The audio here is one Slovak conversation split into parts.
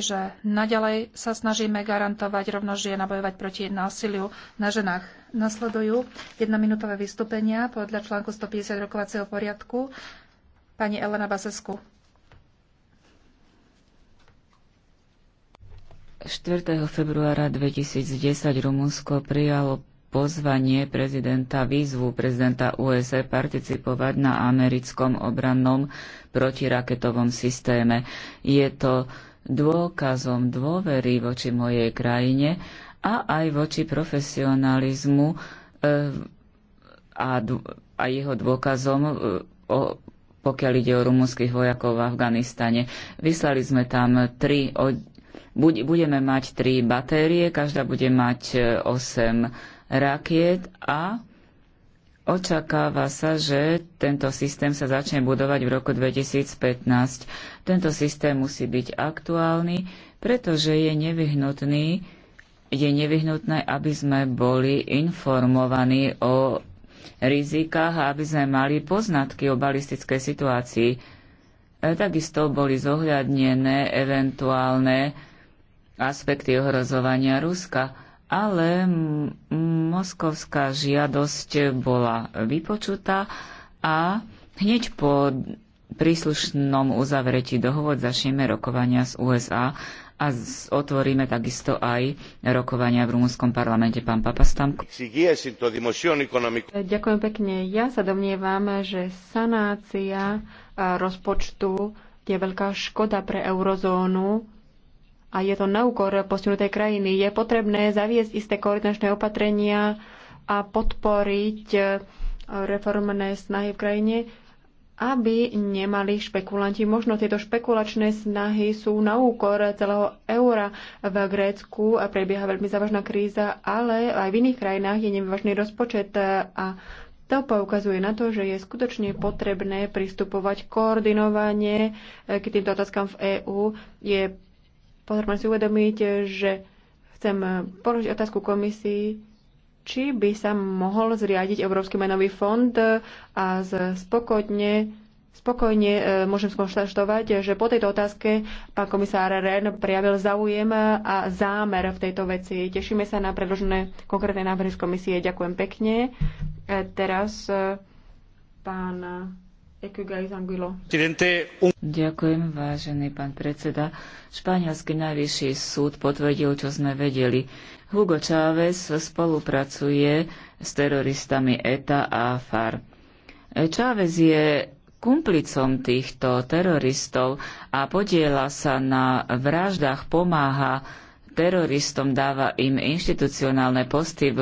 že naďalej sa snažíme garantovať rovnosť žien a bojovať proti násiliu na ženách. Nasledujú jednominútové vystúpenia podľa článku 150 rokovacieho poriadku pani Elena Basesku. 4. februára 2010 Rumunsko prijalo pozvanie prezidenta výzvu prezidenta USA participovať na americkom obrannom protiraketovom systéme. Je to dôkazom dôvery voči mojej krajine a aj voči profesionalizmu e, a, a jeho dôkazom, e, o, pokiaľ ide o rumunských vojakov v Afganistane. Vyslali sme tam tri, budeme mať tri batérie, každá bude mať 8 e, rakiet a Očakáva sa, že tento systém sa začne budovať v roku 2015. Tento systém musí byť aktuálny, pretože je nevyhnutný, je nevyhnutné, aby sme boli informovaní o rizikách a aby sme mali poznatky o balistickej situácii. E, takisto boli zohľadnené eventuálne aspekty ohrozovania Ruska ale moskovská žiadosť bola vypočutá a hneď po príslušnom uzavretí dohovod začneme rokovania z USA a otvoríme takisto aj rokovania v rumúnskom parlamente. Pán Papa Papastamko. Ďakujem pekne. Ja sa domnievam, že sanácia rozpočtu je veľká škoda pre eurozónu a je to na úkor postihnutej krajiny. Je potrebné zaviesť isté koordinačné opatrenia a podporiť eh, reformné snahy v krajine, aby nemali špekulanti. Možno tieto špekulačné snahy sú na úkor celého eura. V Grécku a prebieha veľmi závažná kríza, ale aj v iných krajinách je nevážny rozpočet eh, a to poukazuje na to, že je skutočne potrebné pristupovať koordinovanie eh, k týmto otázkam v EÚ. Je potrebujem si uvedomiť, že chcem položiť otázku komisii, či by sa mohol zriadiť Európsky menový fond a spokojne, spokojne e, môžem skonštatovať, že po tejto otázke pán komisár Ren prijavil záujem a zámer v tejto veci. Tešíme sa na predložené konkrétne návrhy z komisie. Ďakujem pekne. E, teraz e, pán Ďakujem, vážený pán predseda. Španielský najvyšší súd potvrdil, čo sme vedeli. Hugo Chávez spolupracuje s teroristami ETA a FAR. E, Chávez je kumplicom týchto teroristov a podiela sa na vraždách, pomáha teroristom, dáva im inštitucionálne posty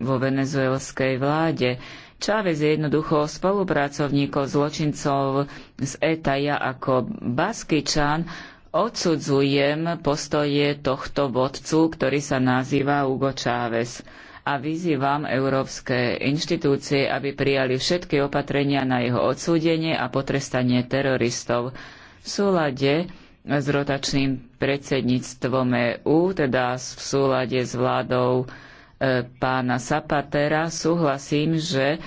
vo venezuelskej vláde Čávez je jednoducho spolupracovníkov zločincov z ETA. Ja ako Baskyčan odsudzujem postoje tohto vodcu, ktorý sa nazýva Hugo Chávez a vyzývam európske inštitúcie, aby prijali všetky opatrenia na jeho odsúdenie a potrestanie teroristov v súlade s rotačným predsedníctvom EU, teda v súlade s vládou pána Sapatera súhlasím, že e,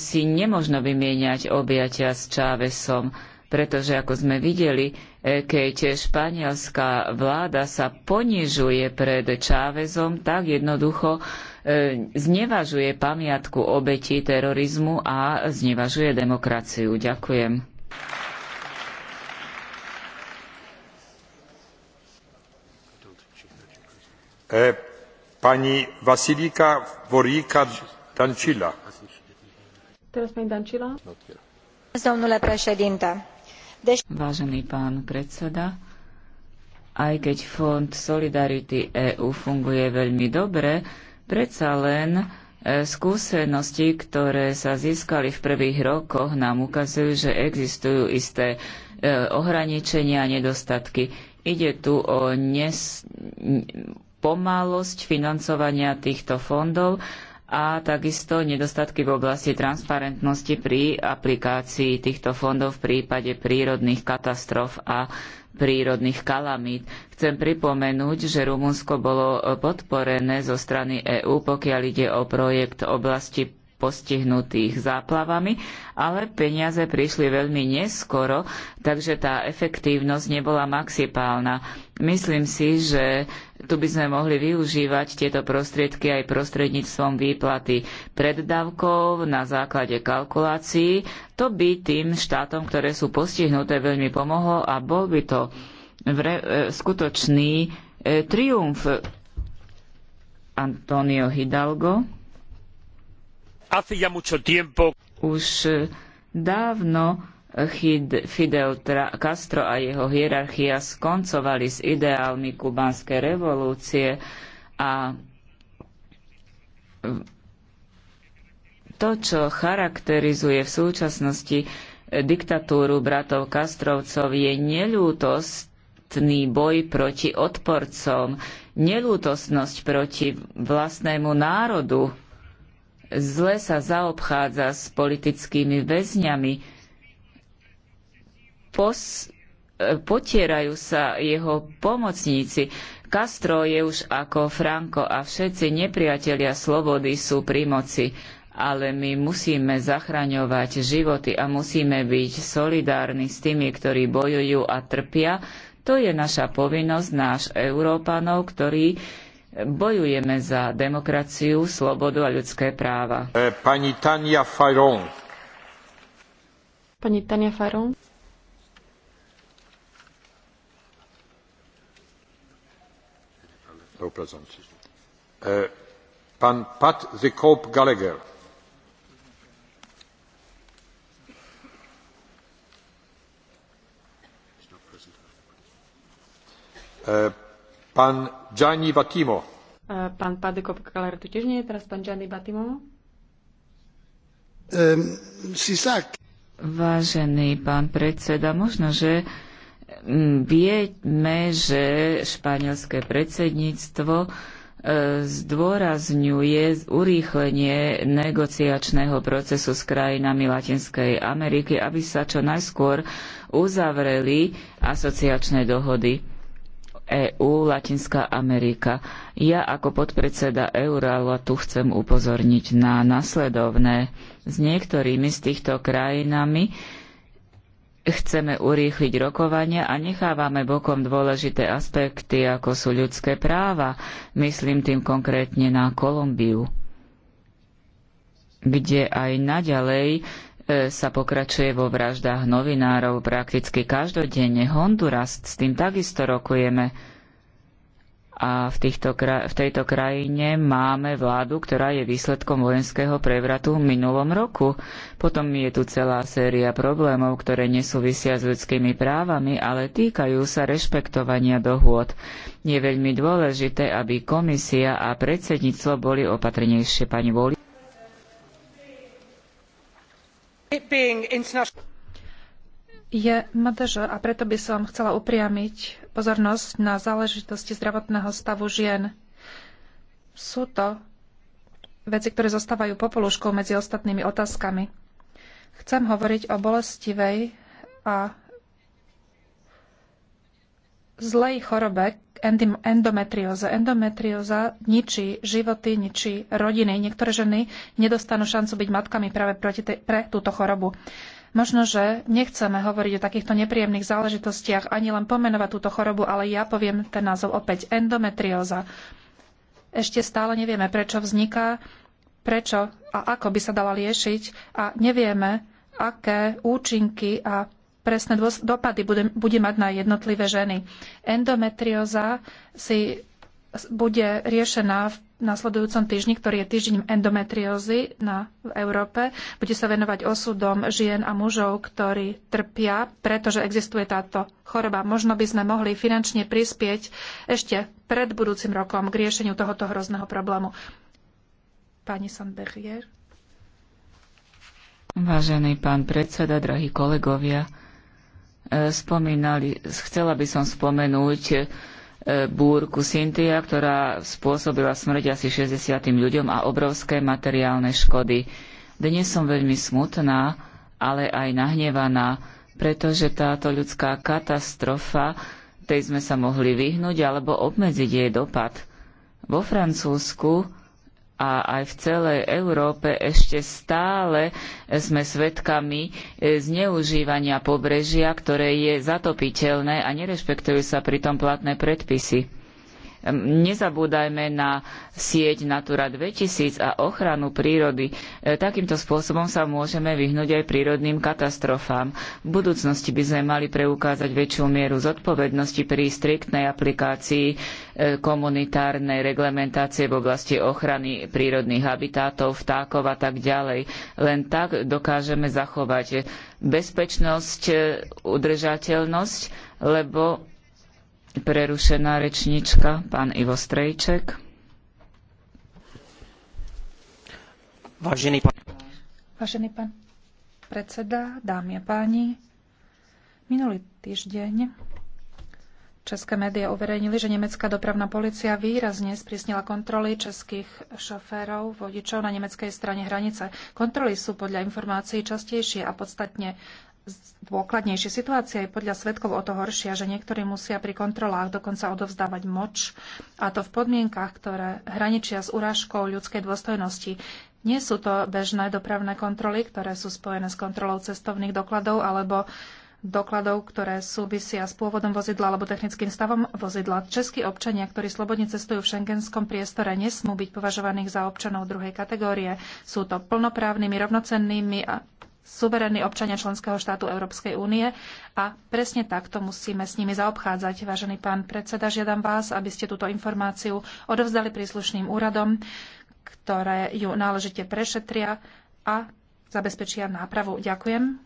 si nemožno vymieňať objatia s Čávesom, pretože ako sme videli, e, keď španielská vláda sa ponižuje pred Čávezom, tak jednoducho e, znevažuje pamiatku obetí terorizmu a znevažuje demokraciu. Ďakujem pani Vasilika Vorica Vážený pán predseda, aj keď Fond Solidarity EU funguje veľmi dobre, predsa len e, skúsenosti, ktoré sa získali v prvých rokoch, nám ukazujú, že existujú isté e, ohraničenia a nedostatky. Ide tu o nes- pomalosť financovania týchto fondov a takisto nedostatky v oblasti transparentnosti pri aplikácii týchto fondov v prípade prírodných katastrof a prírodných kalamít. Chcem pripomenúť, že Rumunsko bolo podporené zo strany EÚ, pokiaľ ide o projekt oblasti postihnutých záplavami, ale peniaze prišli veľmi neskoro, takže tá efektívnosť nebola maximálna. Myslím si, že tu by sme mohli využívať tieto prostriedky aj prostredníctvom výplaty preddavkov na základe kalkulácií. To by tým štátom, ktoré sú postihnuté, veľmi pomohlo a bol by to e, skutočný e, triumf Antonio Hidalgo. Už e, dávno e, Fidel Castro a jeho hierarchia skoncovali s ideálmi kubanskej revolúcie a to, čo charakterizuje v súčasnosti e, diktatúru bratov Kastrovcov, je neľútostný boj proti odporcom, neľútostnosť proti vlastnému národu zle sa zaobchádza s politickými väzňami. Pos, potierajú sa jeho pomocníci. Castro je už ako Franco a všetci nepriatelia slobody sú pri moci. Ale my musíme zachraňovať životy a musíme byť solidárni s tými, ktorí bojujú a trpia. To je naša povinnosť, náš Európanov, ktorí bojujeme za demokraciu, slobodu a ľudské práva. E, pani Tania Fajon. Pani Tania Fajon. No Pat the Gallagher. Uh, Pán Gianni Batimo. Pán Kaler tu tiež nie je, teraz pán Gianni Batimo. Um, ehm, Vážený pán predseda, možno, že mm, vieme, že španielské predsedníctvo e, zdôrazňuje urýchlenie negociačného procesu s krajinami Latinskej Ameriky, aby sa čo najskôr uzavreli asociačné dohody. EÚ, Latinská Amerika. Ja ako podpredseda Eurála tu chcem upozorniť na nasledovné. S niektorými z týchto krajinami chceme urýchliť rokovania a nechávame bokom dôležité aspekty, ako sú ľudské práva. Myslím tým konkrétne na Kolumbiu, kde aj naďalej E, sa pokračuje vo vraždách novinárov prakticky každodenne. Honduras s tým takisto rokujeme. A v, týchto, v tejto krajine máme vládu, ktorá je výsledkom vojenského prevratu v minulom roku. Potom je tu celá séria problémov, ktoré nesúvisia s ľudskými právami, ale týkajú sa rešpektovania dohôd. Je veľmi dôležité, aby komisia a predsedníctvo boli opatrnejšie, pani Voli. je MDŽ a preto by som chcela upriamiť pozornosť na záležitosti zdravotného stavu žien. Sú to veci, ktoré zostávajú popoluškou medzi ostatnými otázkami. Chcem hovoriť o bolestivej a zlej chorobe, endometrióze. Endometrióza ničí životy, ničí rodiny. Niektoré ženy nedostanú šancu byť matkami práve proti te, pre túto chorobu. Možno, že nechceme hovoriť o takýchto nepríjemných záležitostiach ani len pomenovať túto chorobu, ale ja poviem ten názov opäť endometrióza. Ešte stále nevieme, prečo vzniká, prečo a ako by sa dala liešiť a nevieme, aké účinky a presné dopady bude, bude mať na jednotlivé ženy. Endometrióza si bude riešená v nasledujúcom týždni, ktorý je týždeň endometriózy na, v Európe. Bude sa venovať osudom žien a mužov, ktorí trpia, pretože existuje táto choroba. Možno by sme mohli finančne prispieť ešte pred budúcim rokom k riešeniu tohoto hrozného problému. Pani Sandberger. Vážený pán predseda, drahí kolegovia, spomínali, chcela by som spomenúť e, búrku Sintia, ktorá spôsobila smrť asi 60 ľuďom a obrovské materiálne škody. Dnes som veľmi smutná, ale aj nahnevaná, pretože táto ľudská katastrofa, tej sme sa mohli vyhnúť alebo obmedziť jej dopad. Vo Francúzsku a aj v celej Európe ešte stále sme svedkami e, zneužívania pobrežia, ktoré je zatopiteľné a nerešpektujú sa pritom platné predpisy. Ehm, nezabúdajme na sieť Natura 2000 a ochranu prírody. E, takýmto spôsobom sa môžeme vyhnúť aj prírodným katastrofám. V budúcnosti by sme mali preukázať väčšiu mieru zodpovednosti pri striktnej aplikácii e, komunitárnej reglementácie v oblasti ochrany prírodných habitátov, vtákov a tak ďalej. Len tak dokážeme zachovať bezpečnosť, e, udržateľnosť, lebo Prerušená rečnička, pán Ivo Strejček. Vážený pán... Vážený pán predseda, dámy a páni, minulý týždeň České médiá uverejnili, že nemecká dopravná policia výrazne sprísnila kontroly českých šoférov, vodičov na nemeckej strane hranice. Kontroly sú podľa informácií častejšie a podstatne dôkladnejšie. Situácia je podľa svetkov o to horšia, že niektorí musia pri kontrolách dokonca odovzdávať moč, a to v podmienkach, ktoré hraničia s urážkou ľudskej dôstojnosti. Nie sú to bežné dopravné kontroly, ktoré sú spojené s kontrolou cestovných dokladov alebo dokladov, ktoré súvisia s pôvodom vozidla alebo technickým stavom vozidla. Českí občania, ktorí slobodne cestujú v šengenskom priestore, nesmú byť považovaných za občanov druhej kategórie. Sú to plnoprávnymi, rovnocennými a suverénni občania členského štátu Európskej únie a presne takto musíme s nimi zaobchádzať. Vážený pán predseda, žiadam vás, aby ste túto informáciu odovzdali príslušným úradom, ktoré ju náležite prešetria a zabezpečia nápravu. Ďakujem.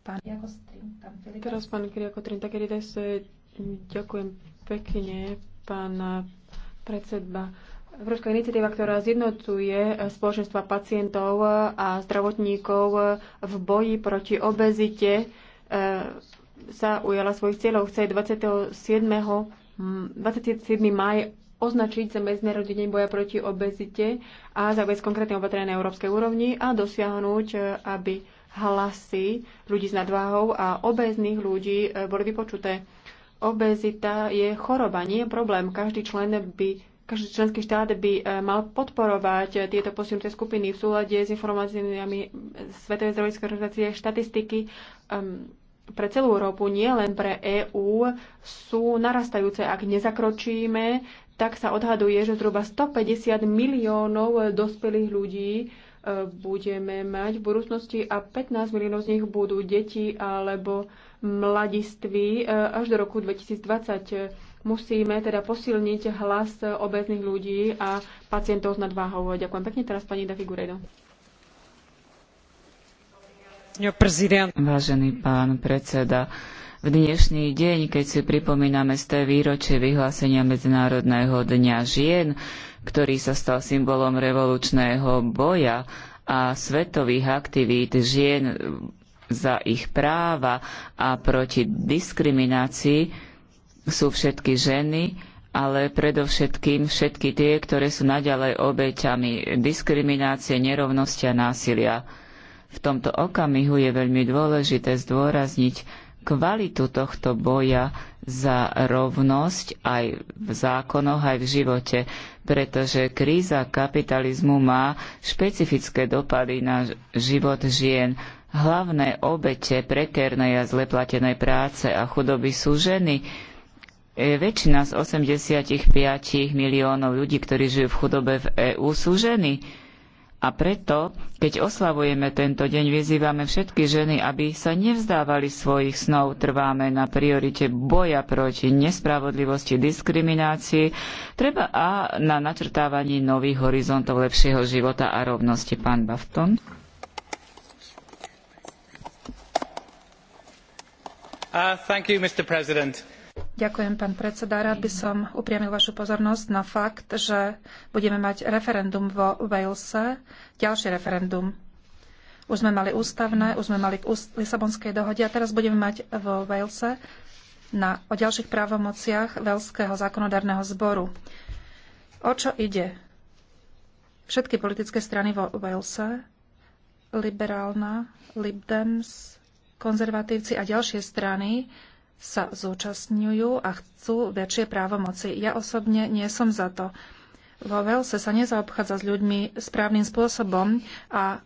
Pán Teraz pán Kriakotrin, tak ďakujem pekne, pán predseda. Európska iniciatíva, ktorá zjednocuje spoločenstva pacientov a zdravotníkov v boji proti obezite, e, sa ujala svojich cieľov. Chce 27. 27. maj označiť za Medzinárodný deň boja proti obezite a zaviesť konkrétne opatrenia na európskej úrovni a dosiahnuť, e, aby hlasy ľudí s nadváhou a obezných ľudí e, boli vypočuté. Obezita je choroba, nie je problém. Každý člen by každý členský štát by e, mal podporovať e, tieto posunuté skupiny v súlade s informáciami Svetovej zdravotníckej organizácie štatistiky pre celú Európu, nie len pre EÚ, sú narastajúce. Ak nezakročíme, tak sa odhaduje, že zhruba 150 miliónov dospelých ľudí e, budeme mať v budúcnosti a 15 miliónov z nich budú deti alebo mladiství až do roku 2020 Musíme teda posilniť hlas obecných ľudí a pacientov s nadváhou. Ďakujem pekne teraz pani Dafi Guredo. Vážený pán predseda, v dnešný deň, keď si pripomíname z té výročie vyhlásenia Medzinárodného dňa žien, ktorý sa stal symbolom revolučného boja a svetových aktivít žien za ich práva a proti diskriminácii, sú všetky ženy, ale predovšetkým všetky tie, ktoré sú naďalej obeťami diskriminácie, nerovnosti a násilia. V tomto okamihu je veľmi dôležité zdôrazniť kvalitu tohto boja za rovnosť aj v zákonoch, aj v živote, pretože kríza kapitalizmu má špecifické dopady na život žien. Hlavné obete prekernej a zleplatenej práce a chudoby sú ženy, E, väčšina z 85 miliónov ľudí, ktorí žijú v chudobe v EÚ, sú ženy. A preto, keď oslavujeme tento deň, vyzývame všetky ženy, aby sa nevzdávali svojich snov, trváme na priorite boja proti nespravodlivosti, diskriminácii, treba a na načrtávaní nových horizontov lepšieho života a rovnosti. Pán Bafton. Uh, you, mr president Ďakujem, pán predseda. Rád by som upriamil vašu pozornosť na fakt, že budeme mať referendum vo Walese, ďalšie referendum. Už sme mali ústavné, už sme mali k Lisabonskej dohode a teraz budeme mať vo Walese na, o ďalších právomociach Velského zákonodárneho zboru. O čo ide? Všetky politické strany vo Walese, liberálna, Dems, konzervatívci a ďalšie strany sa zúčastňujú a chcú väčšie právomoci. Ja osobne nie som za to. Vo Velse sa nezaobchádza s ľuďmi správnym spôsobom a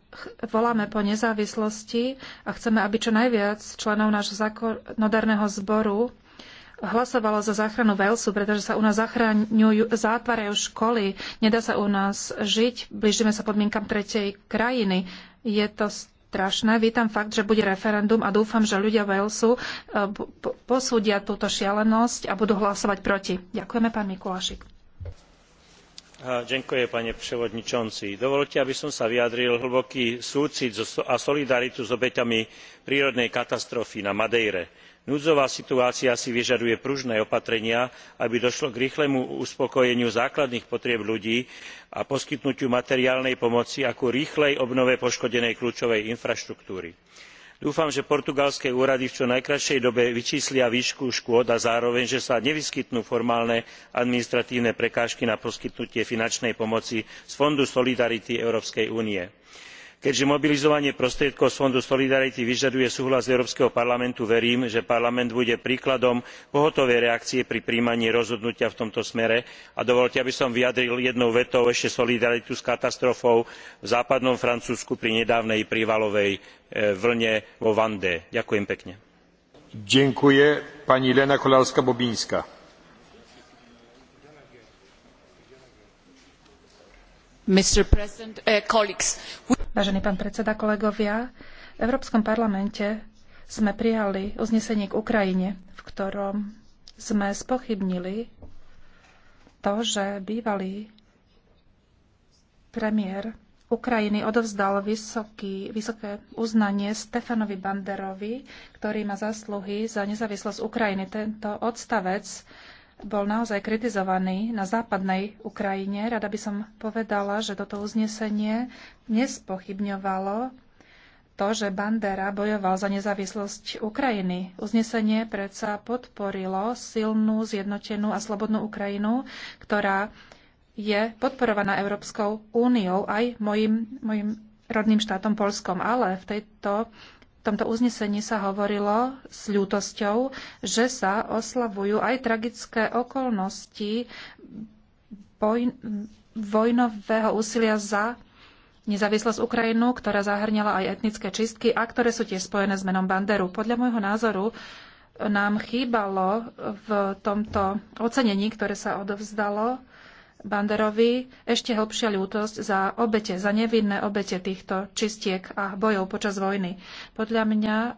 voláme po nezávislosti a chceme, aby čo najviac členov nášho zákonodárneho zboru hlasovalo za záchranu Velsu, pretože sa u nás zachraňujú, zátvárajú školy, nedá sa u nás žiť, blížime sa podmienkam tretej krajiny. Je to strašné. Vítam fakt, že bude referendum a dúfam, že ľudia Walesu e, posúdia túto šialenosť a budú hlasovať proti. Ďakujeme, pán Mikulášik. Ďakujem, pane prevodničonci. Dovolte, aby som sa vyjadril hlboký súcit a solidaritu s obeťami prírodnej katastrofy na Madeire núdzová situácia si vyžaduje pružné opatrenia aby došlo k rýchlemu uspokojeniu základných potrieb ľudí a poskytnutiu materiálnej pomoci a ku rýchlej obnove poškodenej kľúčovej infraštruktúry. dúfam že portugalské úrady v čo najkratšej dobe vyčíslia výšku škôd a zároveň že sa nevyskytnú formálne administratívne prekážky na poskytnutie finančnej pomoci z fondu solidarity európskej únie keďže mobilizovanie prostriedkov z fondu solidarity vyžaduje súhlas európskeho parlamentu verím že parlament bude príkladom pohotovej reakcie pri prijímaní rozhodnutia v tomto smere a dovoľte aby som vyjadril jednou vetou ešte solidaritu s katastrofou v západnom francúzsku pri nedávnej prívalovej e, vlne vo vande. ďakujem pekne. Eh, Vážený pán predseda, kolegovia, v Európskom parlamente sme prijali uznesenie k Ukrajine, v ktorom sme spochybnili to, že bývalý premiér Ukrajiny odovzdal vysoký, vysoké uznanie Stefanovi Banderovi, ktorý má zásluhy za nezávislosť Ukrajiny. Tento odstavec bol naozaj kritizovaný na západnej Ukrajine. Rada by som povedala, že toto uznesenie nespochybňovalo to, že Bandera bojoval za nezávislosť Ukrajiny. Uznesenie predsa podporilo silnú, zjednotenú a slobodnú Ukrajinu, ktorá je podporovaná Európskou úniou aj mojim, mojim rodným štátom Polskom. Ale v tejto tomto uznesení sa hovorilo s ľútosťou, že sa oslavujú aj tragické okolnosti vojnového úsilia za Nezávislosť Ukrajinu, ktorá zahrňala aj etnické čistky a ktoré sú tiež spojené s menom Banderu. Podľa môjho názoru nám chýbalo v tomto ocenení, ktoré sa odovzdalo, Banderovi ešte hlbšia ľútosť za obete, za nevinné obete týchto čistiek a bojov počas vojny. Podľa mňa e,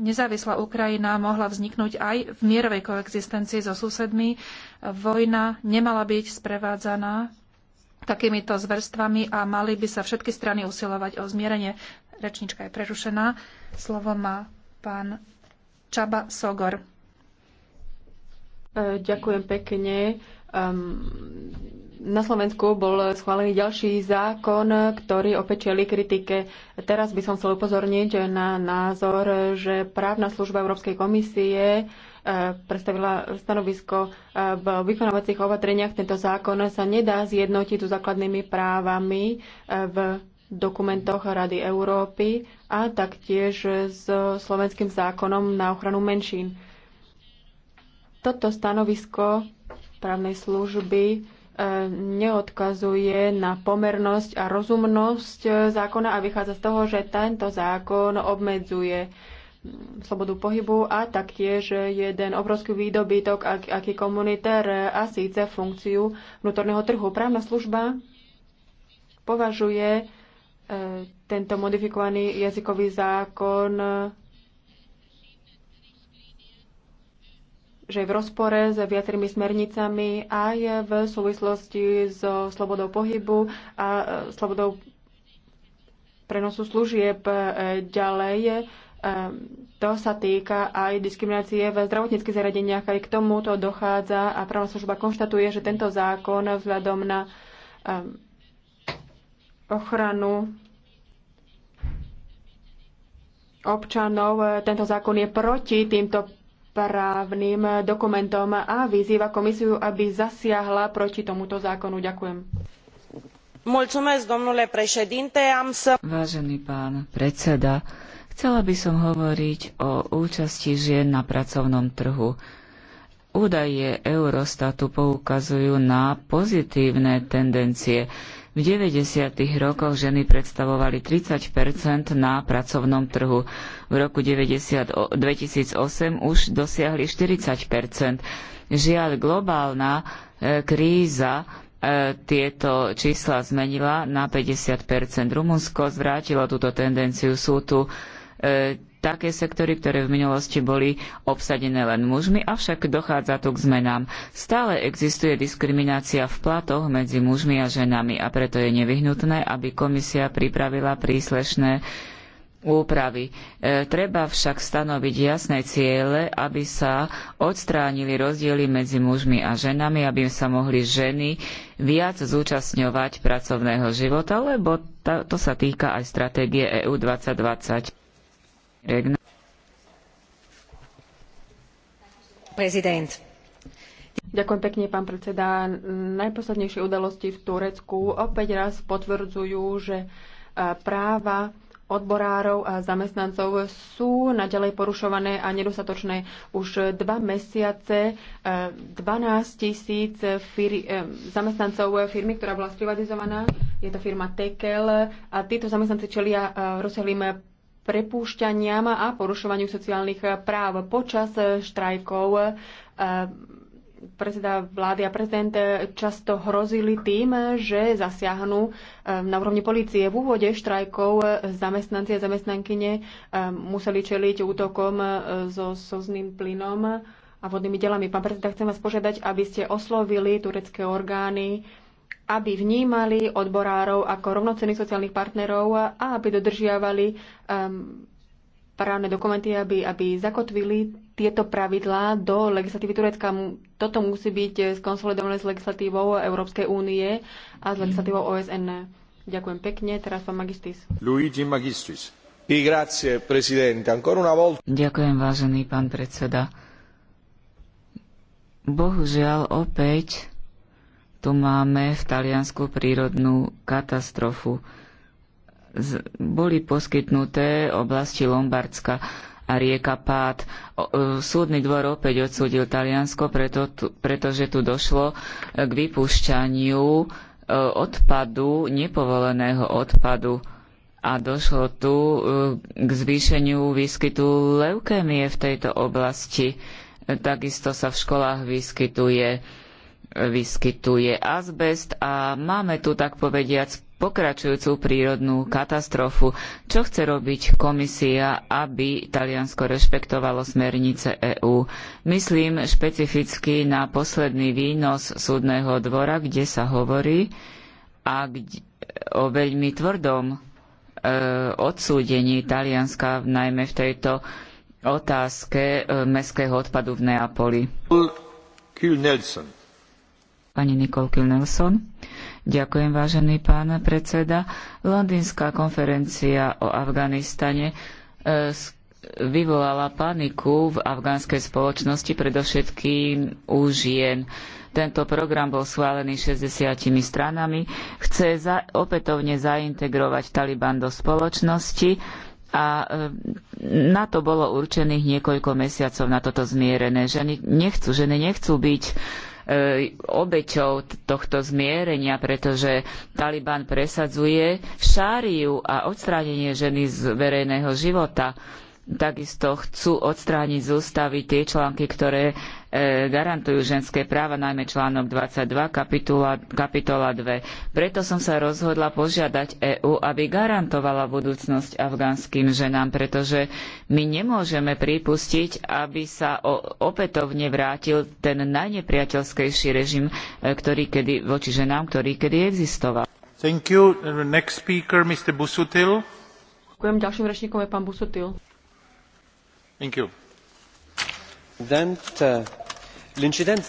nezávislá Ukrajina mohla vzniknúť aj v mierovej koexistencii so susedmi. Vojna nemala byť sprevádzaná takýmito zverstvami a mali by sa všetky strany usilovať o zmierenie. Rečnička je prerušená. Slovo má pán Čaba Sogor. E, ďakujem pekne. Um, na Slovensku bol schválený ďalší zákon, ktorý opäť čeli kritike. Teraz by som chcel upozorniť na názor, že právna služba Európskej komisie eh, predstavila stanovisko eh, v vykonávacích opatreniach. Tento zákon sa nedá zjednotiť so základnými právami eh, v dokumentoch Rady Európy a taktiež s slovenským zákonom na ochranu menšín. Toto stanovisko právnej služby e, neodkazuje na pomernosť a rozumnosť e, zákona a vychádza z toho, že tento zákon obmedzuje mm, slobodu pohybu a taktiež jeden obrovský výdobytok, aký komunitér e, a síce funkciu vnútorného trhu. Právna služba považuje tento modifikovaný jazykový zákon že je v rozpore s viacerými smernicami aj v súvislosti so slobodou pohybu a e, slobodou prenosu služieb e, ďalej. E, to sa týka aj diskriminácie v zdravotníckých zariadeniach. Aj k tomu to dochádza a právna služba konštatuje, že tento zákon vzhľadom na ochranu občanov. Tento zákon je proti týmto právnym dokumentom a vyzýva komisiu, aby zasiahla proti tomuto zákonu. Ďakujem. Vážený pán predseda, chcela by som hovoriť o účasti žien na pracovnom trhu. Údaje Eurostatu poukazujú na pozitívne tendencie. V 90. rokoch ženy predstavovali 30 na pracovnom trhu. V roku 90, 2008 už dosiahli 40 Žiaľ, globálna e, kríza e, tieto čísla zmenila na 50 Rumunsko zvrátilo túto tendenciu. Sú tu e, také sektory, ktoré v minulosti boli obsadené len mužmi, avšak dochádza tu k zmenám. Stále existuje diskriminácia v platoch medzi mužmi a ženami a preto je nevyhnutné, aby komisia pripravila príslešné úpravy. E, treba však stanoviť jasné ciele, aby sa odstránili rozdiely medzi mužmi a ženami, aby sa mohli ženy viac zúčastňovať pracovného života, lebo to, to sa týka aj stratégie EU 2020. Ďakujem pekne, pán predseda. Najposlednejšie udalosti v Turecku opäť raz potvrdzujú, že e, práva odborárov a zamestnancov sú naďalej porušované a nedostatočné. Už dva mesiace 12 e, tisíc fir- e, zamestnancov firmy, ktorá bola sprivatizovaná, je to firma Tekel, a títo zamestnanci čelia rozsiahlým prepúšťaniam a porušovaniu sociálnych práv počas štrajkov. Eh, predseda vlády a prezident často hrozili tým, že zasiahnu eh, na úrovni policie. V úvode štrajkov zamestnanci a zamestnankyne eh, museli čeliť útokom so sozným plynom a vodnými delami. Pán predseda, chcem vás požiadať, aby ste oslovili turecké orgány aby vnímali odborárov ako rovnocenných sociálnych partnerov a aby dodržiavali um, právne dokumenty, aby, aby zakotvili tieto pravidlá do legislatívy Turecka. Toto musí byť eh, skonsolidované s legislatívou Európskej únie a s legislatívou OSN. Ďakujem pekne. Teraz pán Magistris. Luigi Magistris. I grazie, presidente. Ancora una volta. Ďakujem, vážený pán predseda. Bohužiaľ, opäť tu máme v Taliansku prírodnú katastrofu. Z, boli poskytnuté oblasti Lombardska a rieka Pád. O, e, súdny dvor opäť odsúdil Taliansko, preto tu, pretože tu došlo e, k vypúšťaniu o, e, odpadu, nepovoleného odpadu a došlo tu k zvýšeniu výskytu leukémie v tejto oblasti. takisto sa v školách vyskytuje vyskytuje azbest a máme tu tak povediac pokračujúcu prírodnú katastrofu. Čo chce robiť komisia, aby Taliansko rešpektovalo smernice EÚ? Myslím špecificky na posledný výnos súdneho dvora, kde sa hovorí a kde, o veľmi tvrdom e, odsúdení Talianska, najmä v tejto otázke e, mestského odpadu v Neapoli. Nelson. Pani Nikolky Nelson. Ďakujem, vážený pán predseda. Londýnska konferencia o Afganistane e, vyvolala paniku v afgánskej spoločnosti, predovšetkým u žien. Tento program bol schválený 60 stranami. Chce za, opätovne zaintegrovať Taliban do spoločnosti a e, na to bolo určených niekoľko mesiacov na toto zmierené. Ženy nechcú, ženy nechcú byť E, obeťou tohto zmierenia, pretože Taliban presadzuje šáriu a odstránenie ženy z verejného života. Takisto chcú odstrániť z ústavy tie články, ktoré garantujú ženské práva, najmä článok 22, kapitula, kapitola 2. Preto som sa rozhodla požiadať EÚ, aby garantovala budúcnosť afganským ženám, pretože my nemôžeme pripustiť, aby sa opätovne vrátil ten najnepriateľskejší režim, e, ktorý kedy, voči ženám, ktorý kedy existoval. Speaker, Ďakujem, ďalším rečníkom je pán Busutil. Thank you. Uh, L-inċident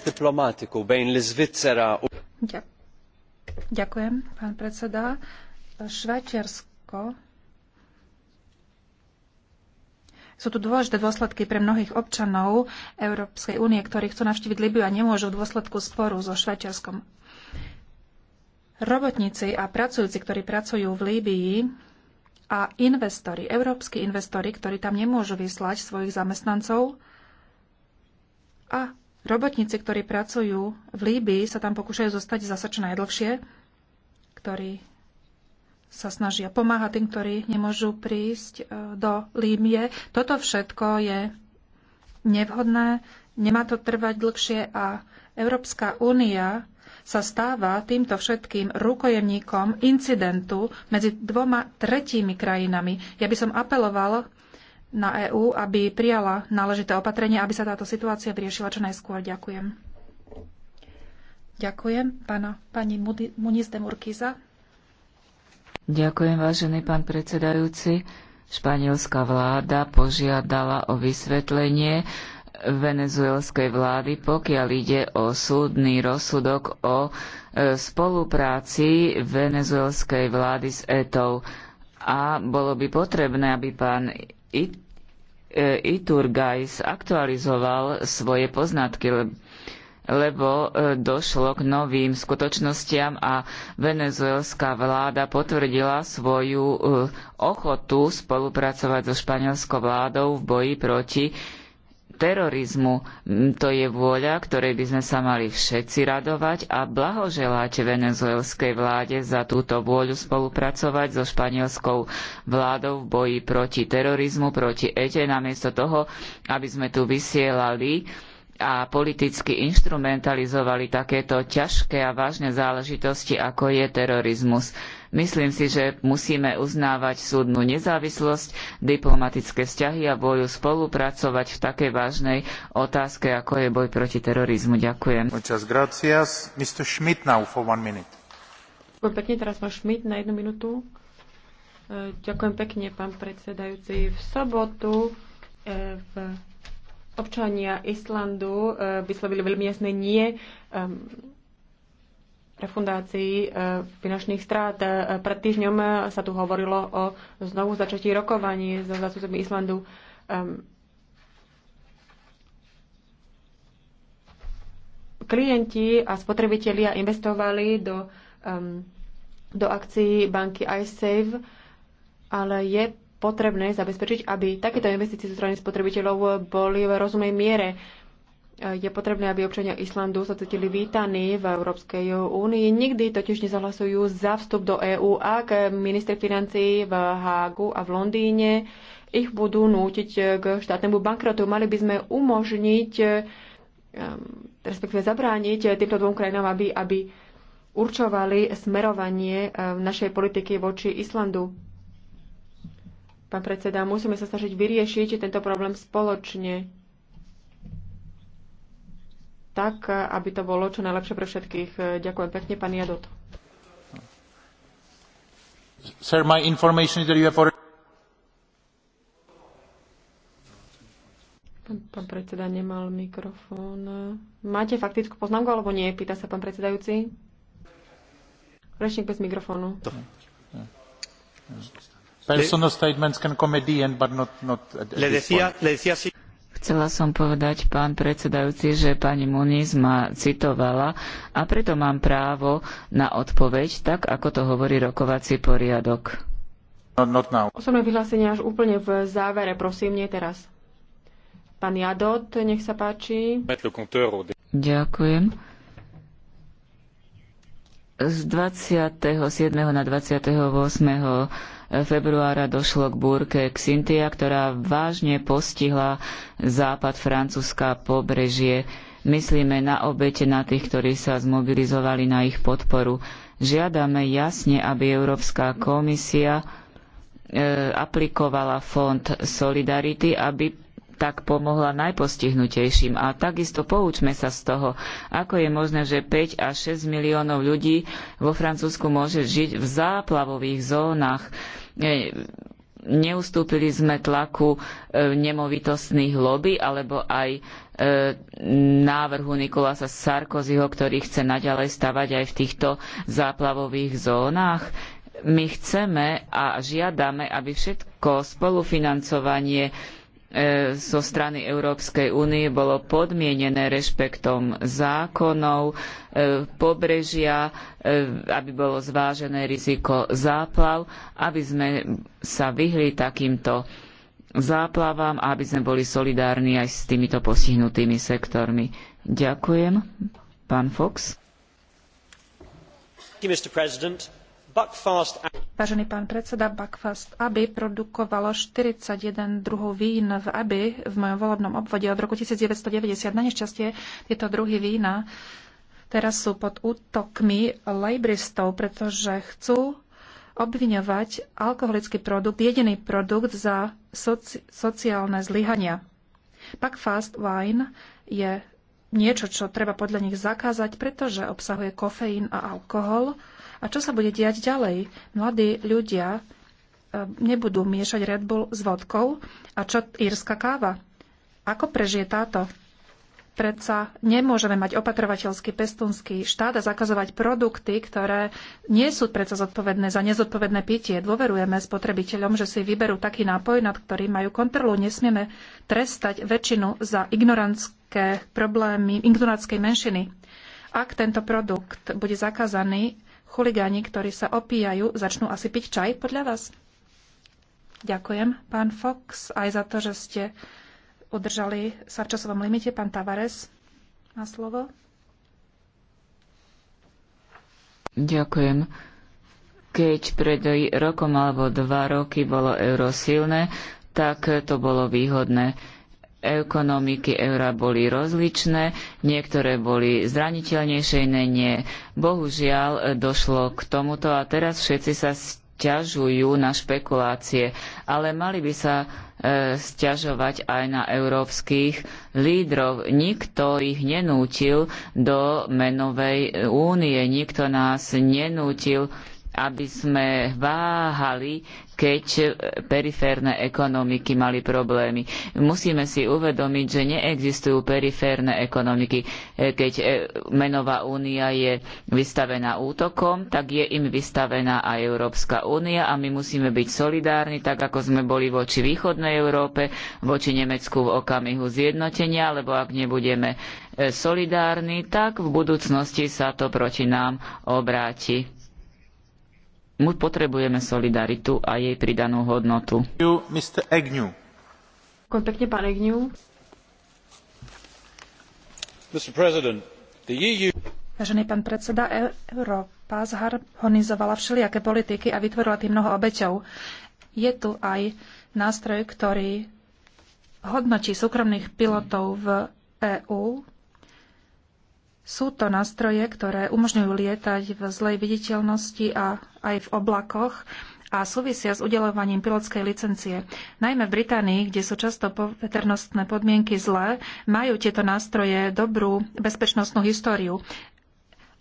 bejn l-Iżvizzera u. Ďakujem, pán predseda. Švajčiarsko. Sú tu dôležité dôsledky pre mnohých občanov Európskej únie, ktorí chcú navštíviť Libiu a nemôžu v dôsledku sporu so Švajčiarskom. Robotníci a pracujúci, ktorí pracujú v Líbii, a investori, európsky investori, ktorí tam nemôžu vyslať svojich zamestnancov a Robotníci, ktorí pracujú v Líbii, sa tam pokúšajú zostať zase čo najdlhšie, ktorí sa snažia pomáhať tým, ktorí nemôžu prísť e, do Líbie. Toto všetko je nevhodné, nemá to trvať dlhšie a Európska únia sa stáva týmto všetkým rukojemníkom incidentu medzi dvoma tretími krajinami. Ja by som apeloval na EÚ, aby prijala náležité opatrenie, aby sa táto situácia vyriešila čo najskôr. Ďakujem. Ďakujem pána, pani Muniz de Murkiza. Ďakujem, vážený pán predsedajúci. Španielská vláda požiadala o vysvetlenie venezuelskej vlády, pokiaľ ide o súdny rozsudok o e, spolupráci venezuelskej vlády s ETOU. A bolo by potrebné, aby pán E, Iturgais aktualizoval svoje poznatky, lebo e, došlo k novým skutočnostiam a venezuelská vláda potvrdila svoju e, ochotu spolupracovať so španielskou vládou v boji proti terorizmu. Mm, to je vôľa, ktorej by sme sa mali všetci radovať a blahoželáte venezuelskej vláde za túto vôľu spolupracovať so španielskou vládou v boji proti terorizmu, proti ETE, namiesto toho, aby sme tu vysielali a politicky inštrumentalizovali takéto ťažké a vážne záležitosti, ako je terorizmus. Myslím si, že musíme uznávať súdnu nezávislosť, diplomatické vzťahy a boju spolupracovať v takej vážnej otázke, ako je boj proti terorizmu. Ďakujem. Ďakujem pekne, teraz pán Schmidt na jednu minútu. E, ďakujem pekne, pán predsedajúci. V sobotu e, v občania Islandu e, vyslovili veľmi jasné nie e, refundácii e, finančných strát. Pred týždňom sa tu hovorilo o znovu začatí rokovaní so zástupcami Islandu. Ehm, klienti a spotrebitelia investovali do, ehm, do akcií banky iSave, ale je potrebné zabezpečiť, aby takéto investície zo strany spotrebiteľov boli v rozumej miere. Je potrebné, aby občania Islandu sa cítili vítaní v Európskej únii. Nikdy totiž nezahlasujú za vstup do EÚ, ak minister financií v Hágu a v Londýne ich budú nútiť k štátnemu bankrotu. Mali by sme umožniť, ehm, respektíve zabrániť týmto dvom krajinám, aby, aby určovali smerovanie ehm, našej politiky voči Islandu Pán predseda, musíme sa snažiť vyriešiť tento problém spoločne tak, aby to bolo čo najlepšie pre všetkých. Ďakujem pekne, pán Jadot. Sir, my information is that you have already... Pán, pán predseda nemal mikrofón. Máte faktickú poznámku alebo nie? Pýta sa pán predsedajúci. Rečník bez mikrofónu. To. Chcela som povedať, pán predsedajúci, že pani Muniz ma citovala a preto mám právo na odpoveď, tak ako to hovorí rokovací poriadok. Osobné vyhlásenie až úplne v závere, prosím, nie teraz. Pán Jadot, nech sa páči. Ďakujem z 27. na 28 februára došlo k búrke Xintia, ktorá vážne postihla západ Francúzska pobrežie. Myslíme na obete, na tých, ktorí sa zmobilizovali na ich podporu. Žiadame jasne, aby Európska komisia e, aplikovala fond Solidarity, aby tak pomohla najpostihnutejším. A takisto poučme sa z toho, ako je možné, že 5 až 6 miliónov ľudí vo Francúzsku môže žiť v záplavových zónach. E, neustúpili sme tlaku e, nemovitostných lobby alebo aj e, návrhu Nikolasa Sarkozyho, ktorý chce naďalej stavať aj v týchto záplavových zónach my chceme a žiadame, aby všetko spolufinancovanie E, zo strany Európskej únie bolo podmienené rešpektom zákonov e, pobrežia, e, aby bolo zvážené riziko záplav, aby sme sa vyhli takýmto záplavám a aby sme boli solidárni aj s týmito postihnutými sektormi. Ďakujem. Pán Fox. Vážený pán predseda, Buckfast Abbey produkovalo 41 druhov vín v Abbey v mojom volebnom obvode od roku 1990. Na nešťastie tieto druhy vína teraz sú pod útokmi lejbristov, pretože chcú obviňovať alkoholický produkt, jediný produkt za soci- sociálne zlyhania. Buckfast Wine je niečo, čo treba podľa nich zakázať, pretože obsahuje kofeín a alkohol, a čo sa bude diať ďalej? Mladí ľudia e, nebudú miešať Red Bull s vodkou. A čo írska káva? Ako prežije táto? Predsa nemôžeme mať opatrovateľský pestunský štát a zakazovať produkty, ktoré nie sú predsa zodpovedné za nezodpovedné pitie. Dôverujeme spotrebiteľom, že si vyberú taký nápoj, nad ktorým majú kontrolu. Nesmieme trestať väčšinu za ignorantské problémy ignorantskej menšiny. Ak tento produkt bude zakázaný, chuligáni, ktorí sa opíjajú, začnú asi piť čaj podľa vás? Ďakujem, pán Fox, aj za to, že ste udržali sa v časovom limite. Pán Tavares má slovo. Ďakujem. Keď pred rokom alebo dva roky bolo euro silné, tak to bolo výhodné ekonomiky eura boli rozličné, niektoré boli zraniteľnejšie, iné nie. Bohužiaľ e, došlo k tomuto a teraz všetci sa sťažujú na špekulácie, ale mali by sa e, sťažovať aj na európskych lídrov. Nikto ich nenútil do menovej e, únie, nikto nás nenútil aby sme váhali, keď periférne ekonomiky mali problémy. Musíme si uvedomiť, že neexistujú periférne ekonomiky. E, keď e, menová únia je vystavená útokom, tak je im vystavená aj Európska únia a my musíme byť solidárni, tak ako sme boli voči východnej Európe, voči Nemecku v okamihu zjednotenia, lebo ak nebudeme e, solidárni, tak v budúcnosti sa to proti nám obráti. My potrebujeme solidaritu a jej pridanú hodnotu. pekne, pán e Vážený pán predseda, e- Európa zharmonizovala všelijaké politiky a vytvorila tým mnoho obeťov. Je tu aj nástroj, ktorý hodnotí súkromných pilotov v EÚ sú to nástroje, ktoré umožňujú lietať v zlej viditeľnosti a aj v oblakoch a súvisia s udelovaním pilotskej licencie. Najmä v Británii, kde sú často veternostné podmienky zlé, majú tieto nástroje dobrú bezpečnostnú históriu.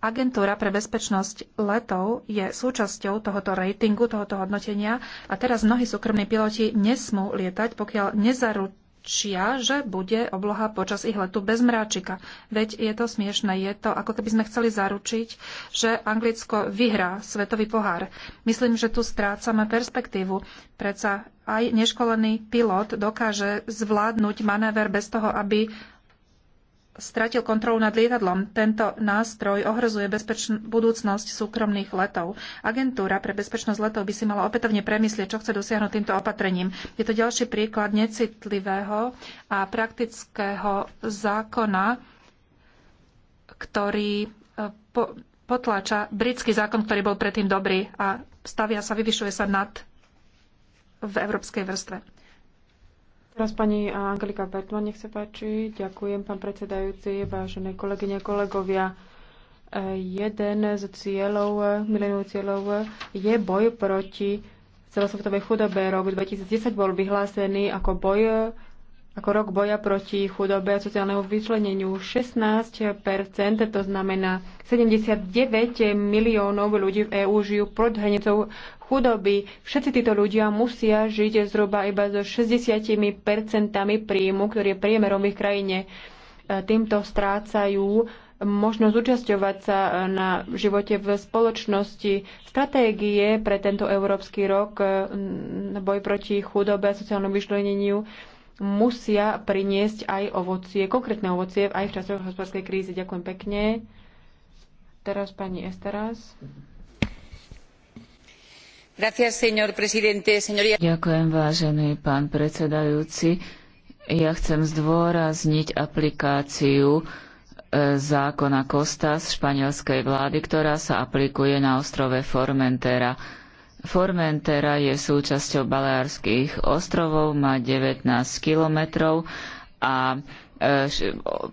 Agentúra pre bezpečnosť letov je súčasťou tohoto ratingu, tohoto hodnotenia a teraz mnohí súkromní piloti nesmú lietať, pokiaľ nezaručujú čia, že bude obloha počas ich letu bez mráčika. Veď je to smiešne, je to ako keby sme chceli zaručiť, že Anglicko vyhrá svetový pohár. Myslím, že tu strácame perspektívu. Preca aj neškolený pilot dokáže zvládnuť manéver bez toho, aby stratil kontrolu nad lietadlom. Tento nástroj ohrozuje bezpečn- budúcnosť súkromných letov. Agentúra pre bezpečnosť letov by si mala opätovne premyslieť, čo chce dosiahnuť týmto opatrením. Je to ďalší príklad necitlivého a praktického zákona, ktorý e, po- potláča britský zákon, ktorý bol predtým dobrý a stavia sa, vyvyšuje sa nad v európskej vrstve. Teraz pani Angelika Bertman, nech sa páči. Ďakujem, pán predsedajúci, vážené kolegyne, kolegovia. Jeden z cieľov, milenú cieľov, je boj proti celosvetovej chudobe. Rok 2010 bol vyhlásený ako boj ako rok boja proti chudobe a sociálnemu vyčleneniu 16 to znamená 79 miliónov ľudí v EÚ žijú pod hranicou chudoby. Všetci títo ľudia musia žiť zhruba iba so 60 príjmu, ktorý je priemerom v ich krajine. E, týmto strácajú možnosť zúčastňovať sa e, na živote v spoločnosti. Stratégie pre tento európsky rok e, boj proti chudobe a sociálnom vyšleneniu musia priniesť aj ovocie, konkrétne ovocie aj v časoch hospodárskej krízy. Ďakujem pekne. Teraz pani Esteras. Gracias, señor presidente, señoría. Ďakujem, vážený pán predsedajúci. Ja chcem zdôrazniť aplikáciu e, zákona Costas z španielskej vlády, ktorá sa aplikuje na ostrove Formentera Formentera je súčasťou Baleárskych ostrovov, má 19 kilometrov a e,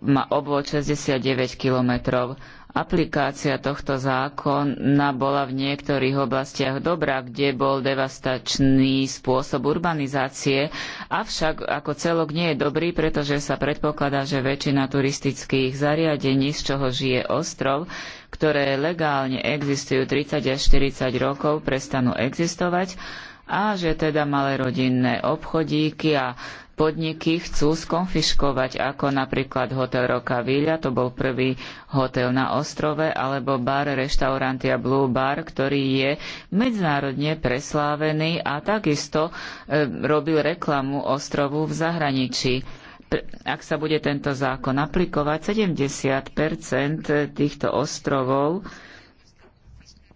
má obvod 69 kilometrov Aplikácia tohto zákona bola v niektorých oblastiach dobrá, kde bol devastačný spôsob urbanizácie, avšak ako celok nie je dobrý, pretože sa predpokladá, že väčšina turistických zariadení, z čoho žije ostrov, ktoré legálne existujú 30 až 40 rokov, prestanú existovať a že teda malé rodinné obchodíky a podniky chcú skonfiškovať, ako napríklad hotel Roka Villa, to bol prvý hotel na ostrove, alebo bar Reštaurantia Blue Bar, ktorý je medzinárodne preslávený a takisto e, robil reklamu ostrovu v zahraničí. Ak sa bude tento zákon aplikovať, 70 týchto ostrovov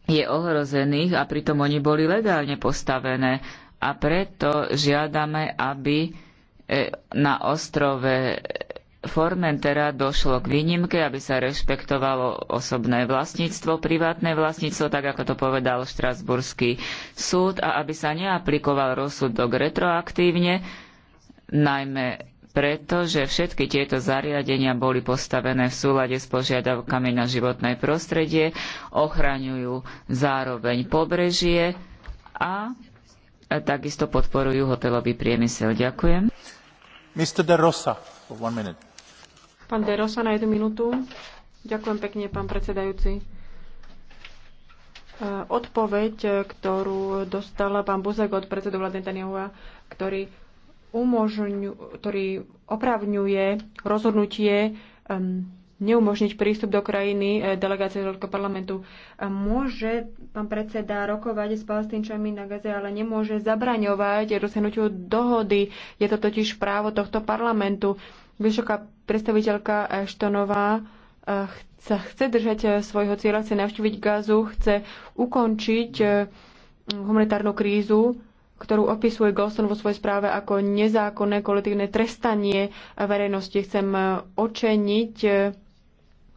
je ohrozených a pritom oni boli legálne postavené. A preto žiadame, aby E, na ostrove Formentera došlo k výnimke, aby sa rešpektovalo osobné vlastníctvo, privátne vlastníctvo, tak ako to povedal Štrasburský súd, a aby sa neaplikoval rozsudok retroaktívne, najmä preto, že všetky tieto zariadenia boli postavené v súlade s požiadavkami na životné prostredie, ochraňujú zároveň pobrežie a takisto podporujú hotelový priemysel. Ďakujem. Mr. De Rosa, for one minute. Pán De Rosa na jednu minútu. Ďakujem pekne, pán predsedajúci. E, odpoveď, ktorú dostala pán Buzek od predsedu vlády Netanyahua, ktorý, umožňu, ktorý opravňuje rozhodnutie um, neumožniť prístup do krajiny e, delegácie Európskeho parlamentu. Môže pán predseda rokovať s palestínčami na Gaze, ale nemôže zabraňovať rozhodnutiu dohody. Je to totiž právo tohto parlamentu. Vysoká predstaviteľka Eštonová sa e, chce držať e, svojho cieľa, chce navštíviť Gazu, chce ukončiť humanitárnu krízu, ktorú opisuje Golson vo svojej správe ako nezákonné kolektívne trestanie verejnosti. Chcem očeniť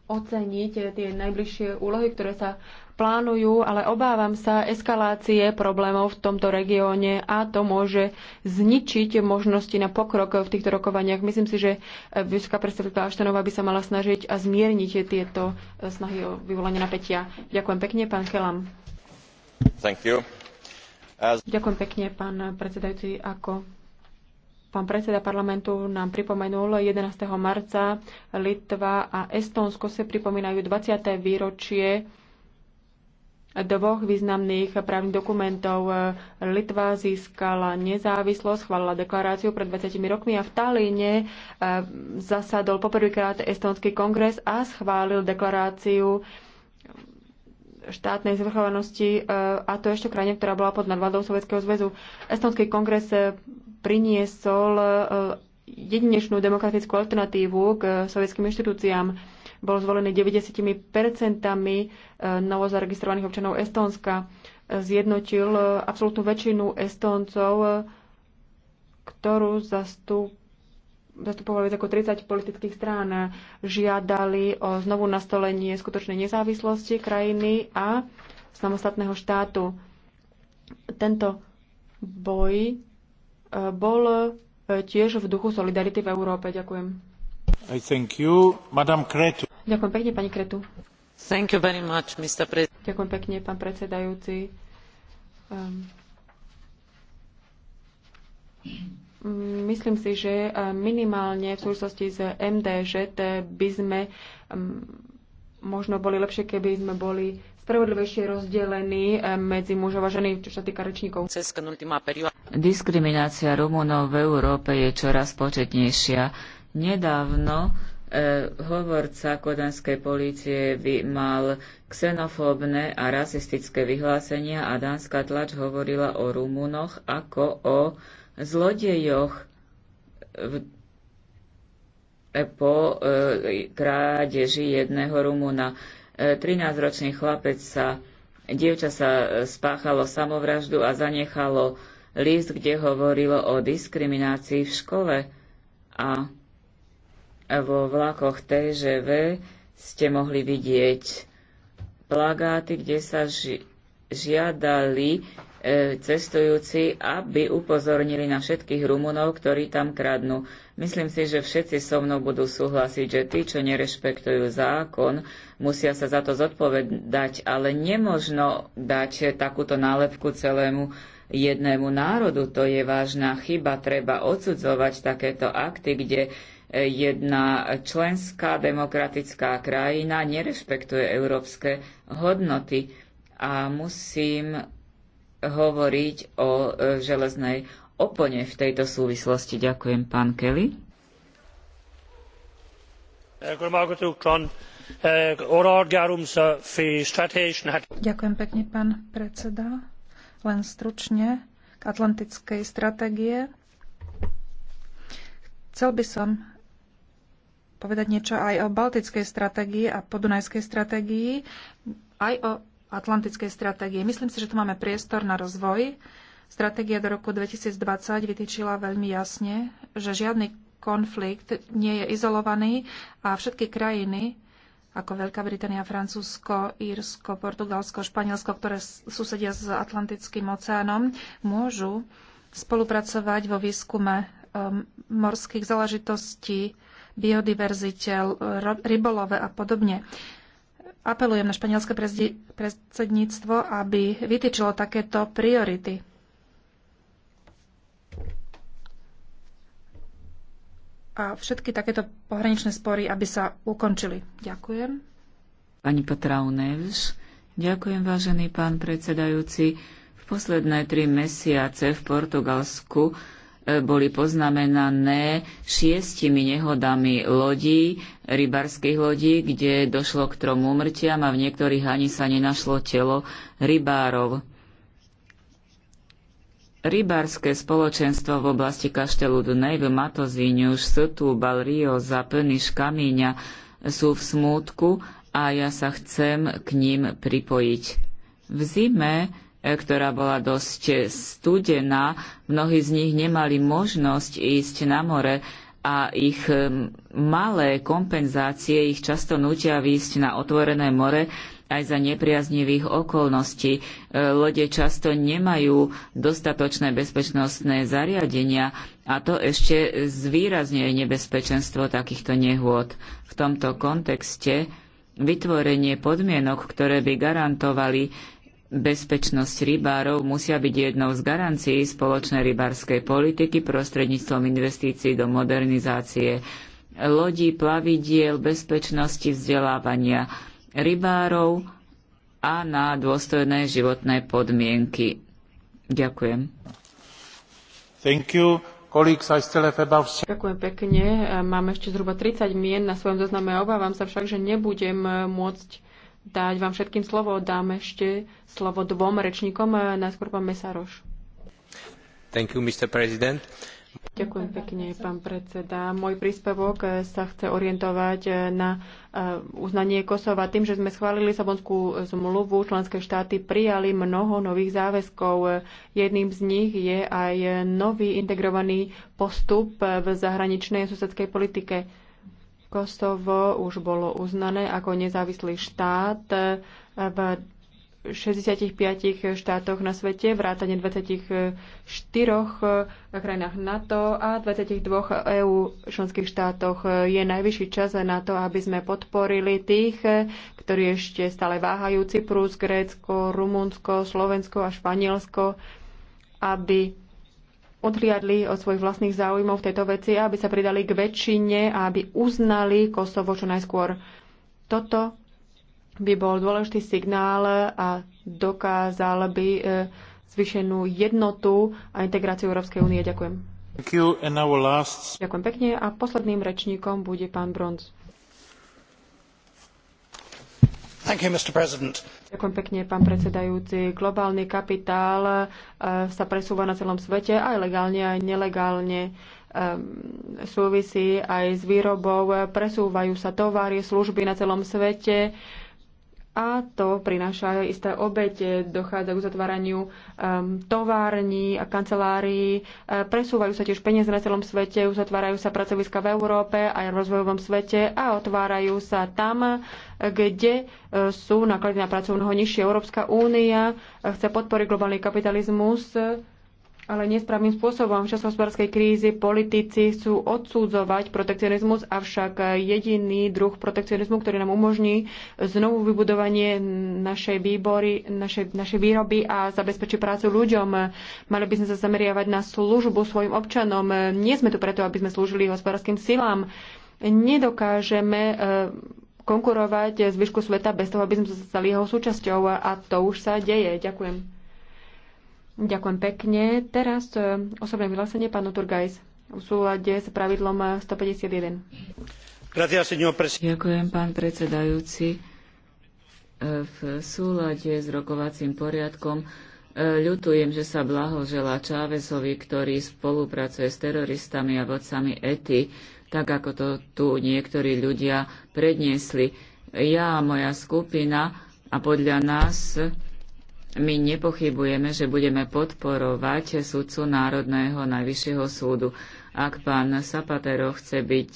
oceniť eh, tie najbližšie úlohy, ktoré sa plánujú, ale obávam sa eskalácie problémov v tomto regióne a to môže zničiť možnosti na pokrok v týchto rokovaniach. Myslím si, že eh, vysoká predstaviteľka Aštanová by sa mala snažiť a zmierniť tieto eh, snahy o vyvolanie napätia. Ďakujem pekne, pán Kelam. As... Ďakujem pekne, pán predsedajúci. Ako Pán predseda parlamentu nám pripomenul, 11. marca Litva a Estónsko sa pripomínajú 20. výročie dvoch významných právnych dokumentov. Litva získala nezávislosť, chválila deklaráciu pred 20 rokmi a v Talíne eh, zasadol poprvýkrát Estonský kongres a schválil deklaráciu štátnej zvrchovanosti, eh, a to ešte krajine, ktorá bola pod nadvládou Sovjetského zväzu. Estonský kongres eh, priniesol e, jedinečnú demokratickú alternatívu k sovietským inštitúciám. Bol zvolený 90% e, novozaregistrovaných občanov Estónska. Zjednotil e, absolútnu väčšinu Estóncov, ktorú zastup zastupovali ako 30 politických strán, žiadali o znovu nastolenie skutočnej nezávislosti krajiny a samostatného štátu. Tento boj bol e, tiež v duchu solidarity v Európe. Ďakujem. I thank you, Madam Kretu. Ďakujem pekne, pani Kretu. Thank you very much, Mr. Pre- Ďakujem pekne, pán predsedajúci. Um, myslím si, že e, minimálne v súvislosti s MDŽ by sme um, možno boli lepšie, keby sme boli spravodlivejšie rozdelení eh, medzi mužov a ženy, čo sa týka rečníkov. Diskriminácia Rumunov v Európe je čoraz početnejšia. Nedávno eh, hovorca kodanskej polície by mal xenofóbne a rasistické vyhlásenia a dánska tlač hovorila o Rumunoch ako o zlodejoch v, e, po e, krádeži jedného Rumuna. 13-ročný chlapec sa, dievča sa e, spáchalo samovraždu a zanechalo list, kde hovorilo o diskriminácii v škole a vo vlakoch TŽV ste mohli vidieť plagáty, kde sa ži- žiadali e, cestujúci, aby upozornili na všetkých Rumunov, ktorí tam kradnú. Myslím si, že všetci so mnou budú súhlasiť, že tí, čo nerešpektujú zákon, musia sa za to zodpovedať, ale nemožno dať takúto nálepku celému jednému národu. To je vážna chyba. Treba odsudzovať takéto akty, kde e, jedna členská demokratická krajina nerešpektuje európske hodnoty a musím hovoriť o e, železnej opone v tejto súvislosti. Ďakujem, pán Kelly. Ďakujem pekne, pán predseda. Len stručne k atlantickej stratégie. Chcel by som povedať niečo aj o baltickej stratégii a podunajskej stratégii, aj o atlantickej stratégie. Myslím si, že tu máme priestor na rozvoj. Stratégia do roku 2020 vytýčila veľmi jasne, že žiadny konflikt nie je izolovaný a všetky krajiny, ako Veľká Británia, Francúzsko, Írsko, Portugalsko, Španielsko, ktoré susedia s Atlantickým oceánom, môžu spolupracovať vo výskume um, morských záležitostí, biodiverzite, rybolove a podobne. Apelujem na španielské predsedníctvo, aby vytýčilo takéto priority. A všetky takéto pohraničné spory, aby sa ukončili. Ďakujem. Pani Patraunevs, ďakujem vážený pán predsedajúci. V posledné tri mesiace v Portugalsku boli poznamenané šiestimi nehodami lodí, rybarských lodí, kde došlo k trom úmrtiam a v niektorých ani sa nenašlo telo rybárov. Rybárske spoločenstvo v oblasti Kaštelu Dunej v Matozíňu už Setúbal, Rio, Zaplniš, Kamíňa sú v smútku a ja sa chcem k ním pripojiť. V zime ktorá bola dosť studená. Mnohí z nich nemali možnosť ísť na more a ich malé kompenzácie ich často nutia výjsť na otvorené more aj za nepriaznivých okolností. E, lode často nemajú dostatočné bezpečnostné zariadenia a to ešte zvýrazňuje nebezpečenstvo takýchto nehôd. V tomto kontexte vytvorenie podmienok, ktoré by garantovali Bezpečnosť rybárov musia byť jednou z garancií spoločnej rybárskej politiky prostredníctvom investícií do modernizácie lodí, plavidiel, bezpečnosti, vzdelávania rybárov a na dôstojné životné podmienky. Ďakujem. Thank you. Ďakujem pekne. Mám ešte zhruba 30 mien na svojom zozname. Obávam sa však, že nebudem môcť dať vám všetkým slovo. Dám ešte slovo dvom rečníkom, najskôr pán Mesaroš. Thank you, Mr. President. Ďakujem pekne, pán predseda. Môj príspevok sa chce orientovať na e, uznanie Kosova. Tým, že sme schválili Sabonskú zmluvu, členské štáty prijali mnoho nových záväzkov. Jedným z nich je aj nový integrovaný postup v zahraničnej susedskej politike. Kosovo už bolo uznané ako nezávislý štát v 65 štátoch na svete, vrátane 24 krajinách NATO a 22 EU členských štátoch. Je najvyšší čas na to, aby sme podporili tých, ktorí ešte stále váhajú Cyprus, Grécko, Rumunsko, Slovensko a Španielsko, aby odhliadli od svojich vlastných záujmov v tejto veci, aby sa pridali k väčšine a aby uznali Kosovo čo najskôr. Toto by bol dôležitý signál a dokázal by e, zvyšenú jednotu a integráciu Európskej únie. Ďakujem. Last... Ďakujem pekne a posledným rečníkom bude pán Bronz. You, Ďakujem pekne, pán predsedajúci. Globálny kapitál e, sa presúva na celom svete aj legálne, aj nelegálne e, súvisí aj s výrobou, presúvajú sa tovary, služby na celom svete a to prináša aj isté obete, dochádza k uzatváraniu um, tovární a kancelárií, e, presúvajú sa tiež peniaze na celom svete, uzatvárajú sa pracoviska v Európe aj v rozvojovom svete a otvárajú sa tam, kde e, sú náklady na pracovného nižšie. Európska únia e, chce podporiť globálny kapitalizmus ale nesprávnym spôsobom. V čase krízy politici sú odsudzovať protekcionizmus, avšak jediný druh protekcionizmu, ktorý nám umožní znovu vybudovanie našej, výbory, našej, našej výroby a zabezpečí prácu ľuďom. Mali by sme sa zameriavať na službu svojim občanom. Nie sme tu preto, aby sme slúžili hospodárskym silám. Nedokážeme e, konkurovať zvyšku sveta bez toho, aby sme sa stali jeho súčasťou a to už sa deje. Ďakujem. Ďakujem pekne. Teraz e, osobné vyhlásenie pán Turgajs v súlade s pravidlom 151. Ďakujem, pán predsedajúci. E, v súlade s rokovacím poriadkom e, ľutujem, že sa blahožela Čávezovi, ktorý spolupracuje s teroristami a vodcami ETI, tak ako to tu niektorí ľudia predniesli. Ja a moja skupina a podľa nás my nepochybujeme, že budeme podporovať sudcu Národného najvyššieho súdu. Ak pán Zapatero chce byť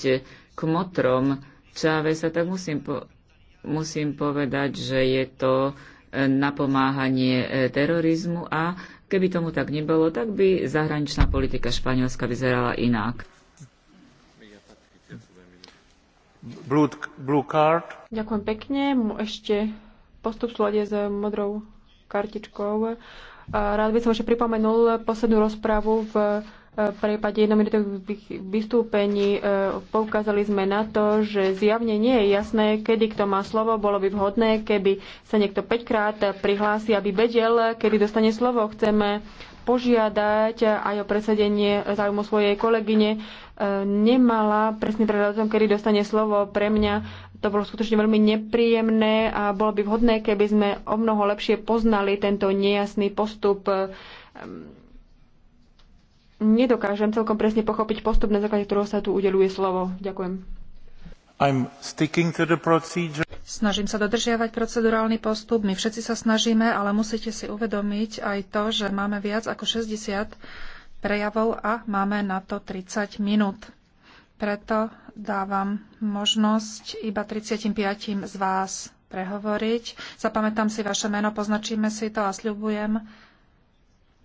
kmotrom Čávesa, tak musím, po, musím povedať, že je to e, napomáhanie e, terorizmu a keby tomu tak nebolo, tak by zahraničná politika Španielska vyzerala inak. Blue, blue card. Ďakujem pekne. Ešte postup slode s modrou kartičkou. Rád by som ešte pripomenul poslednú rozpravu v e, prípade jednominutových vystúpení. E, poukázali sme na to, že zjavne nie je jasné, kedy kto má slovo. Bolo by vhodné, keby sa niekto 5 krát prihlási, aby vedel, kedy dostane slovo. Chceme požiadať aj o presadenie záujmu svojej kolegyne. E, nemala presný prehľad o tom, kedy dostane slovo. Pre mňa to bolo skutočne veľmi nepríjemné a bolo by vhodné, keby sme o mnoho lepšie poznali tento nejasný postup. Ehm, nedokážem celkom presne pochopiť postup, na základe ktorého sa tu udeluje slovo. Ďakujem. I'm sticking to the procedure. Snažím sa dodržiavať procedurálny postup. My všetci sa snažíme, ale musíte si uvedomiť aj to, že máme viac ako 60 prejavov a máme na to 30 minút. Preto dávam možnosť iba 35 z vás prehovoriť. Zapamätám si vaše meno, poznačíme si to a sľubujem,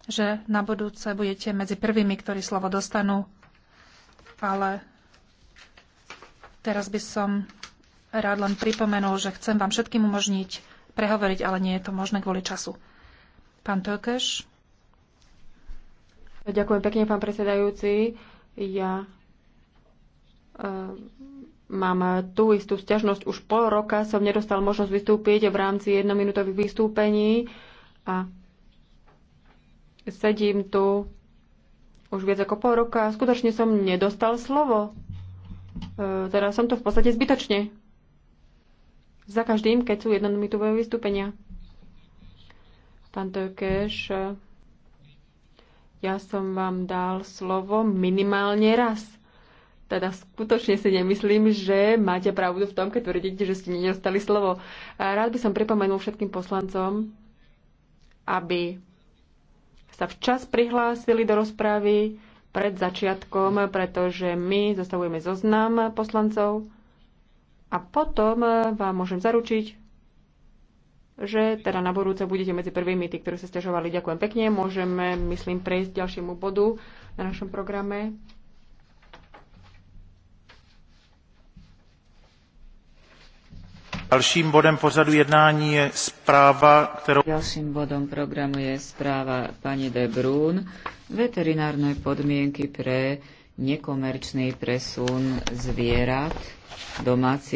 že na budúce budete medzi prvými, ktorí slovo dostanú. Ale teraz by som rád len pripomenul, že chcem vám všetkým umožniť prehovoriť, ale nie je to možné kvôli času. Pán Tokeš. Ďakujem pekne, pán predsedajúci. Ja Mám tú istú sťažnosť. Už pol roka som nedostal možnosť vystúpiť v rámci jednominútových vystúpení a sedím tu už viac ako pol roka. a Skutočne som nedostal slovo. E, teda som to v podstate zbytočne. Za každým, keď sú jednominútové vystúpenia. Pán Tökeš, e, ja som vám dal slovo minimálne raz. Teda skutočne si nemyslím, že máte pravdu v tom, keď tvrdíte, že ste nedostali slovo. Rád by som pripomenul všetkým poslancom, aby sa včas prihlásili do rozpravy pred začiatkom, pretože my zostavujeme zoznam poslancov a potom vám môžem zaručiť, že teda na budúce budete medzi prvými, tí, ktorí sa stiažovali. Ďakujem pekne. Môžeme, myslím, prejsť k ďalšiemu bodu na našom programe. Ďalším bodom pořadu jednání je správa, ktorou... Ďalším bodom programu je správa pani De Brun, veterinárne podmienky pre nekomerčný presun zvierat domácich